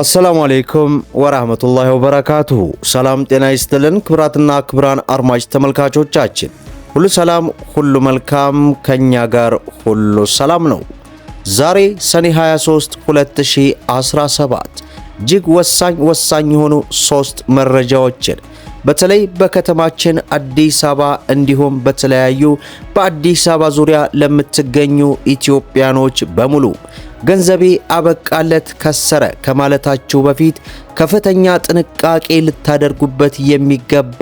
አሰላሙ አሌይኩም ወራህመቱላሂ ወበረካቱሁ። ሰላም ጤና ይስጥልን ክብራትና ክብራን አድማጭ ተመልካቾቻችን ሁሉ ሰላም ሁሉ መልካም፣ ከእኛ ጋር ሁሉ ሰላም ነው። ዛሬ ሰኔ 23 2017 እጅግ ወሳኝ ወሳኝ የሆኑ ሶስት መረጃዎችን በተለይ በከተማችን አዲስ አበባ እንዲሁም በተለያዩ በአዲስ አበባ ዙሪያ ለምትገኙ ኢትዮጵያኖች በሙሉ ገንዘቤ አበቃለት ከሰረ ከማለታችሁ በፊት ከፍተኛ ጥንቃቄ ልታደርጉበት የሚገባ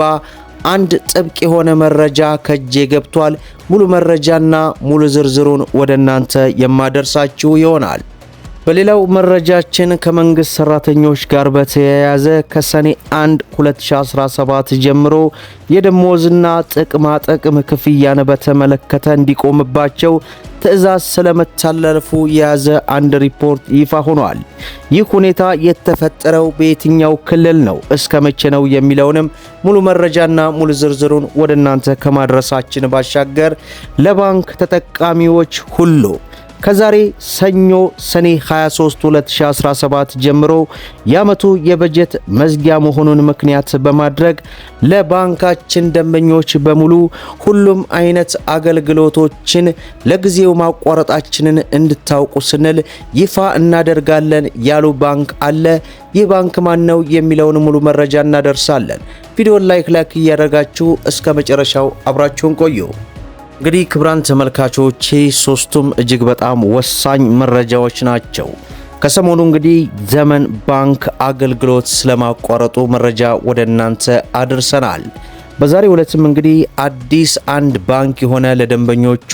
አንድ ጥብቅ የሆነ መረጃ ከጄ ገብቷል። ሙሉ መረጃና ሙሉ ዝርዝሩን ወደ እናንተ የማደርሳችሁ ይሆናል። በሌላው መረጃችን ከመንግስት ሰራተኞች ጋር በተያያዘ ከሰኔ 1 2017 ጀምሮ የደሞዝና ጥቅማ ጥቅም ክፍያን በተመለከተ እንዲቆምባቸው ትዕዛዝ ስለመተላለፉ የያዘ አንድ ሪፖርት ይፋ ሆኗል። ይህ ሁኔታ የተፈጠረው በየትኛው ክልል ነው፣ እስከ መቼ ነው የሚለውንም ሙሉ መረጃና ሙሉ ዝርዝሩን ወደ እናንተ ከማድረሳችን ባሻገር ለባንክ ተጠቃሚዎች ሁሉ ከዛሬ ሰኞ ሰኔ 23 2017 ጀምሮ የዓመቱ የበጀት መዝጊያ መሆኑን ምክንያት በማድረግ ለባንካችን ደንበኞች በሙሉ ሁሉም አይነት አገልግሎቶችን ለጊዜው ማቋረጣችንን እንድታውቁ ስንል ይፋ እናደርጋለን ያሉ ባንክ አለ። ይህ ባንክ ማን ነው የሚለውን ሙሉ መረጃ እናደርሳለን። ቪዲዮን ላይክ ላይክ እያደረጋችሁ እስከ መጨረሻው አብራችሁን ቆዩ። እንግዲህ ክብራን ተመልካቾቼ ሶስቱም እጅግ በጣም ወሳኝ መረጃዎች ናቸው። ከሰሞኑ እንግዲህ ዘመን ባንክ አገልግሎት ስለማቋረጡ መረጃ ወደ እናንተ አድርሰናል። በዛሬ ዕለትም እንግዲህ አዲስ አንድ ባንክ የሆነ ለደንበኞቹ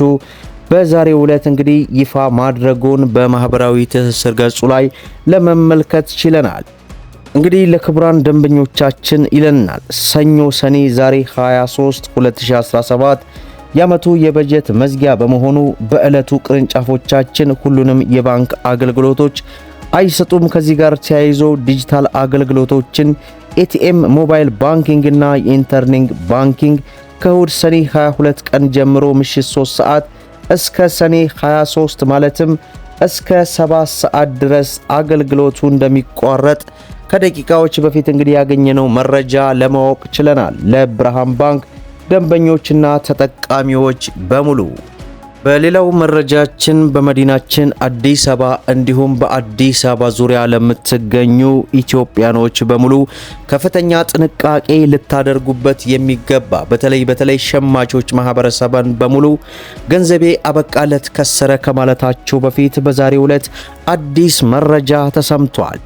በዛሬ ዕለት እንግዲህ ይፋ ማድረጉን በማህበራዊ ትስስር ገጹ ላይ ለመመልከት ችለናል። እንግዲህ ለክቡራን ደንበኞቻችን ይለናል ሰኞ ሰኔ ዛሬ 23 2017 የዓመቱ የበጀት መዝጊያ በመሆኑ በዕለቱ ቅርንጫፎቻችን ሁሉንም የባንክ አገልግሎቶች አይሰጡም። ከዚህ ጋር ተያይዞ ዲጂታል አገልግሎቶችን ኤቲኤም፣ ሞባይል ባንኪንግ እና የኢንተርኒንግ ባንኪንግ ከእሁድ ሰኔ 22 ቀን ጀምሮ ምሽት 3 ሰዓት እስከ ሰኔ 23 ማለትም እስከ 7 ሰዓት ድረስ አገልግሎቱ እንደሚቋረጥ ከደቂቃዎች በፊት እንግዲህ ያገኘነው መረጃ ለማወቅ ችለናል። ለብርሃን ባንክ ደንበኞችና ተጠቃሚዎች በሙሉ። በሌላው መረጃችን በመዲናችን አዲስ አበባ እንዲሁም በአዲስ አበባ ዙሪያ ለምትገኙ ኢትዮጵያኖች በሙሉ ከፍተኛ ጥንቃቄ ልታደርጉበት የሚገባ በተለይ በተለይ ሸማቾች ማህበረሰብን በሙሉ ገንዘቤ አበቃለት ከሰረ ከማለታቸው በፊት በዛሬው ዕለት አዲስ መረጃ ተሰምቷል።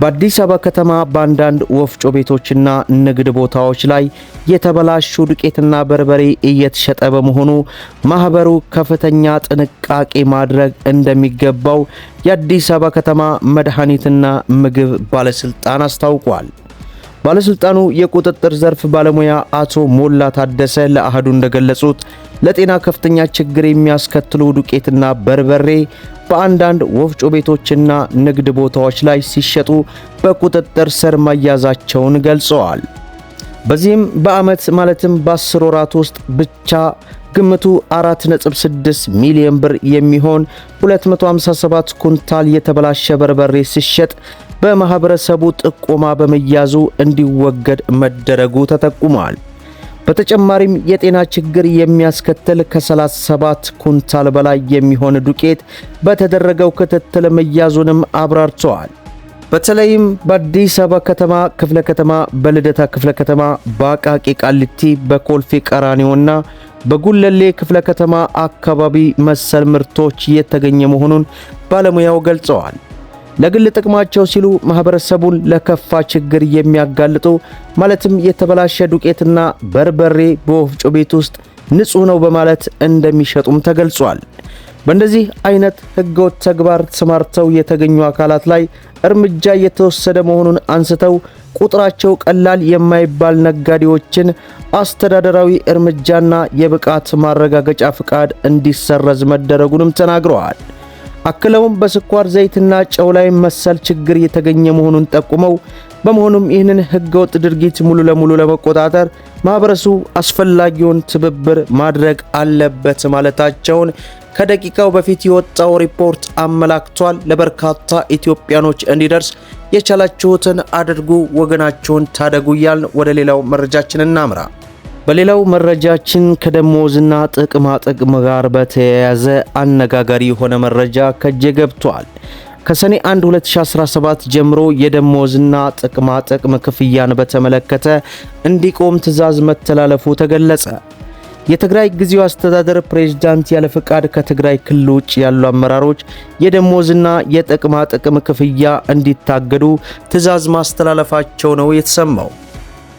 በአዲስ አበባ ከተማ በአንዳንድ ወፍጮ ቤቶችና ንግድ ቦታዎች ላይ የተበላሹ ዱቄትና በርበሬ እየተሸጠ በመሆኑ ማህበሩ ከፍተኛ ጥንቃቄ ማድረግ እንደሚገባው የአዲስ አበባ ከተማ መድኃኒትና ምግብ ባለስልጣን አስታውቋል። ባለስልጣኑ የቁጥጥር ዘርፍ ባለሙያ አቶ ሞላ ታደሰ ለአህዱ እንደገለጹት ለጤና ከፍተኛ ችግር የሚያስከትሉ ዱቄትና በርበሬ በአንዳንድ ወፍጮ ቤቶችና ንግድ ቦታዎች ላይ ሲሸጡ በቁጥጥር ስር መያዛቸውን ገልጸዋል። በዚህም በዓመት ማለትም በአስር ወራት ውስጥ ብቻ ግምቱ 4.6 ሚሊዮን ብር የሚሆን 257 ኩንታል የተበላሸ በርበሬ ሲሸጥ በማህበረሰቡ ጥቆማ በመያዙ እንዲወገድ መደረጉ ተጠቁሟል። በተጨማሪም የጤና ችግር የሚያስከትል ከ37 ኩንታል በላይ የሚሆን ዱቄት በተደረገው ክትትል መያዙንም አብራርተዋል። በተለይም በአዲስ አበባ ከተማ ክፍለ ከተማ፣ በልደታ ክፍለ ከተማ፣ በአቃቂ ቃሊቲ፣ በኮልፌ ቀራኒዮና በጉለሌ ክፍለ ከተማ አካባቢ መሰል ምርቶች የተገኘ መሆኑን ባለሙያው ገልጸዋል። ለግል ጥቅማቸው ሲሉ ማህበረሰቡን ለከፋ ችግር የሚያጋልጡ ማለትም የተበላሸ ዱቄትና በርበሬ በወፍጮ ቤት ውስጥ ንጹህ ነው በማለት እንደሚሸጡም ተገልጿል። በእንደዚህ አይነት ህገወጥ ተግባር ተሰማርተው የተገኙ አካላት ላይ እርምጃ እየተወሰደ መሆኑን አንስተው ቁጥራቸው ቀላል የማይባል ነጋዴዎችን አስተዳደራዊ እርምጃና የብቃት ማረጋገጫ ፍቃድ እንዲሰረዝ መደረጉንም ተናግረዋል። አክለውም በስኳር ዘይትና ጨው ላይ መሰል ችግር የተገኘ መሆኑን ጠቁመው በመሆኑም ይህንን ህገወጥ ድርጊት ሙሉ ለሙሉ ለመቆጣጠር ማህበረሰቡ አስፈላጊውን ትብብር ማድረግ አለበት ማለታቸውን ከደቂቃው በፊት የወጣው ሪፖርት አመላክቷል። ለበርካታ ኢትዮጵያኖች እንዲደርስ የቻላችሁትን አድርጉ፣ ወገናችሁን ታደጉ እያልን ወደ ሌላው መረጃችን እናምራ። በሌላው መረጃችን ከደሞዝና ጥቅማ ጥቅም ጋር በተያያዘ አነጋጋሪ የሆነ መረጃ ከጄ ገብቷል። ከሰኔ 1 2017 ጀምሮ የደሞዝና ጥቅማ ጥቅም ክፍያን በተመለከተ እንዲቆም ትዕዛዝ መተላለፉ ተገለጸ። የትግራይ ጊዜያዊ አስተዳደር ፕሬዝዳንት ያለ ፍቃድ ከትግራይ ክልል ውጭ ያሉ አመራሮች የደሞዝና የጥቅማ ጥቅም ክፍያ እንዲታገዱ ትዕዛዝ ማስተላለፋቸው ነው የተሰማው።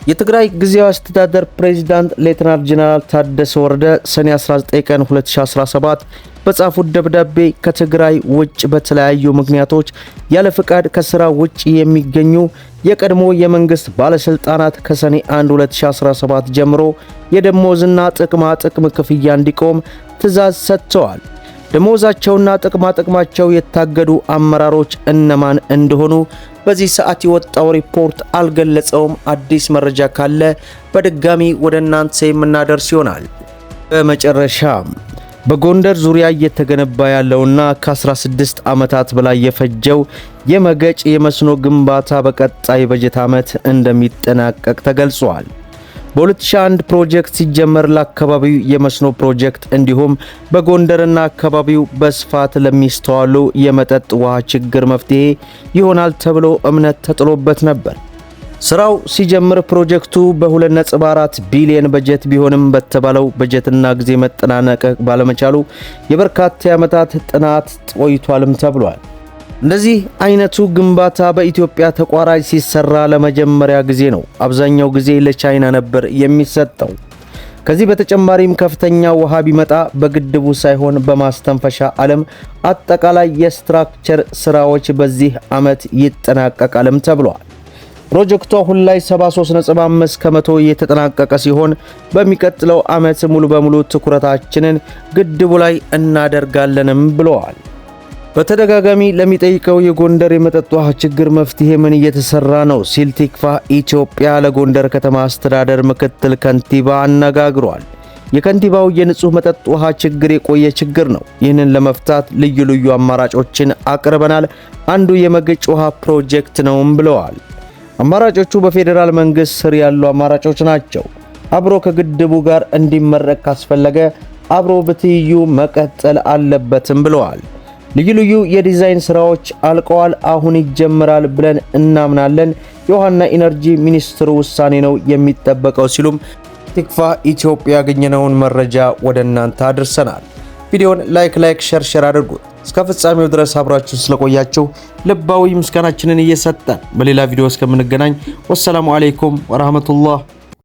የትግራይ ጊዜያዊ አስተዳደር ፕሬዝዳንት ሌተናል ጄኔራል ታደሰ ወረደ ሰኔ 19 ቀን 2017 በጻፉት ደብዳቤ ከትግራይ ውጭ በተለያዩ ምክንያቶች ያለ ፍቃድ ከስራ ውጭ የሚገኙ የቀድሞ የመንግስት ባለስልጣናት ከሰኔ 1 2017 ጀምሮ የደሞዝና ጥቅማ ጥቅም ክፍያ እንዲቆም ትዕዛዝ ሰጥተዋል። ደሞዛቸውና ጥቅማ ጥቅማቸው የታገዱ አመራሮች እነማን እንደሆኑ በዚህ ሰዓት የወጣው ሪፖርት አልገለጸውም። አዲስ መረጃ ካለ በድጋሚ ወደ እናንተ የምናደርስ ይሆናል። በመጨረሻም በጎንደር ዙሪያ እየተገነባ ያለውና ከ16 ዓመታት በላይ የፈጀው የመገጭ የመስኖ ግንባታ በቀጣይ በጀት ዓመት እንደሚጠናቀቅ ተገልጿል። በ2001 ፕሮጀክት ሲጀመር ለአካባቢው የመስኖ ፕሮጀክት እንዲሁም በጎንደርና አካባቢው በስፋት ለሚስተዋሉ የመጠጥ ውሃ ችግር መፍትሄ ይሆናል ተብሎ እምነት ተጥሎበት ነበር። ስራው ሲጀምር ፕሮጀክቱ በ2.4 ቢሊዮን በጀት ቢሆንም በተባለው በጀትና ጊዜ መጠናነቅ ባለመቻሉ የበርካታ ዓመታት ጥናት ቆይቷልም ተብሏል። እንደዚህ አይነቱ ግንባታ በኢትዮጵያ ተቋራጭ ሲሰራ ለመጀመሪያ ጊዜ ነው። አብዛኛው ጊዜ ለቻይና ነበር የሚሰጠው። ከዚህ በተጨማሪም ከፍተኛ ውሃ ቢመጣ በግድቡ ሳይሆን በማስተንፈሻ ዓለም አጠቃላይ የስትራክቸር ስራዎች በዚህ ዓመት ይጠናቀቃልም ተብሏል። ፕሮጀክቱ አሁን ላይ 73.5 ከመቶ እየተጠናቀቀ ሲሆን በሚቀጥለው ዓመት ሙሉ በሙሉ ትኩረታችንን ግድቡ ላይ እናደርጋለንም ብለዋል። በተደጋጋሚ ለሚጠይቀው የጎንደር የመጠጥ ውሃ ችግር መፍትሄ ምን እየተሰራ ነው ሲል ቲክፋ ኢትዮጵያ ለጎንደር ከተማ አስተዳደር ምክትል ከንቲባ አነጋግሯል። የከንቲባው የንጹህ መጠጥ ውሃ ችግር የቆየ ችግር ነው። ይህንን ለመፍታት ልዩ ልዩ አማራጮችን አቅርበናል። አንዱ የመገጭ ውሃ ፕሮጀክት ነውም ብለዋል። አማራጮቹ በፌዴራል መንግስት ስር ያሉ አማራጮች ናቸው። አብሮ ከግድቡ ጋር እንዲመረቅ ካስፈለገ አብሮ በትይዩ መቀጠል አለበትም ብለዋል። ልዩ ልዩ የዲዛይን ስራዎች አልቀዋል፣ አሁን ይጀምራል ብለን እናምናለን። የውሃና ኢነርጂ ሚኒስትሩ ውሳኔ ነው የሚጠበቀው ሲሉም ቲክፋ ኢትዮጵያ ያገኘነውን መረጃ ወደ እናንተ አድርሰናል። ቪዲዮን ላይክ ላይክ ሸርሸር አድርጉት። እስከ ፍጻሜው ድረስ አብራችሁ ስለቆያችሁ ልባዊ ምስጋናችንን እየሰጠን በሌላ ቪዲዮ እስከምንገናኝ ወሰላሙ አሌይኩም ወራህመቱላህ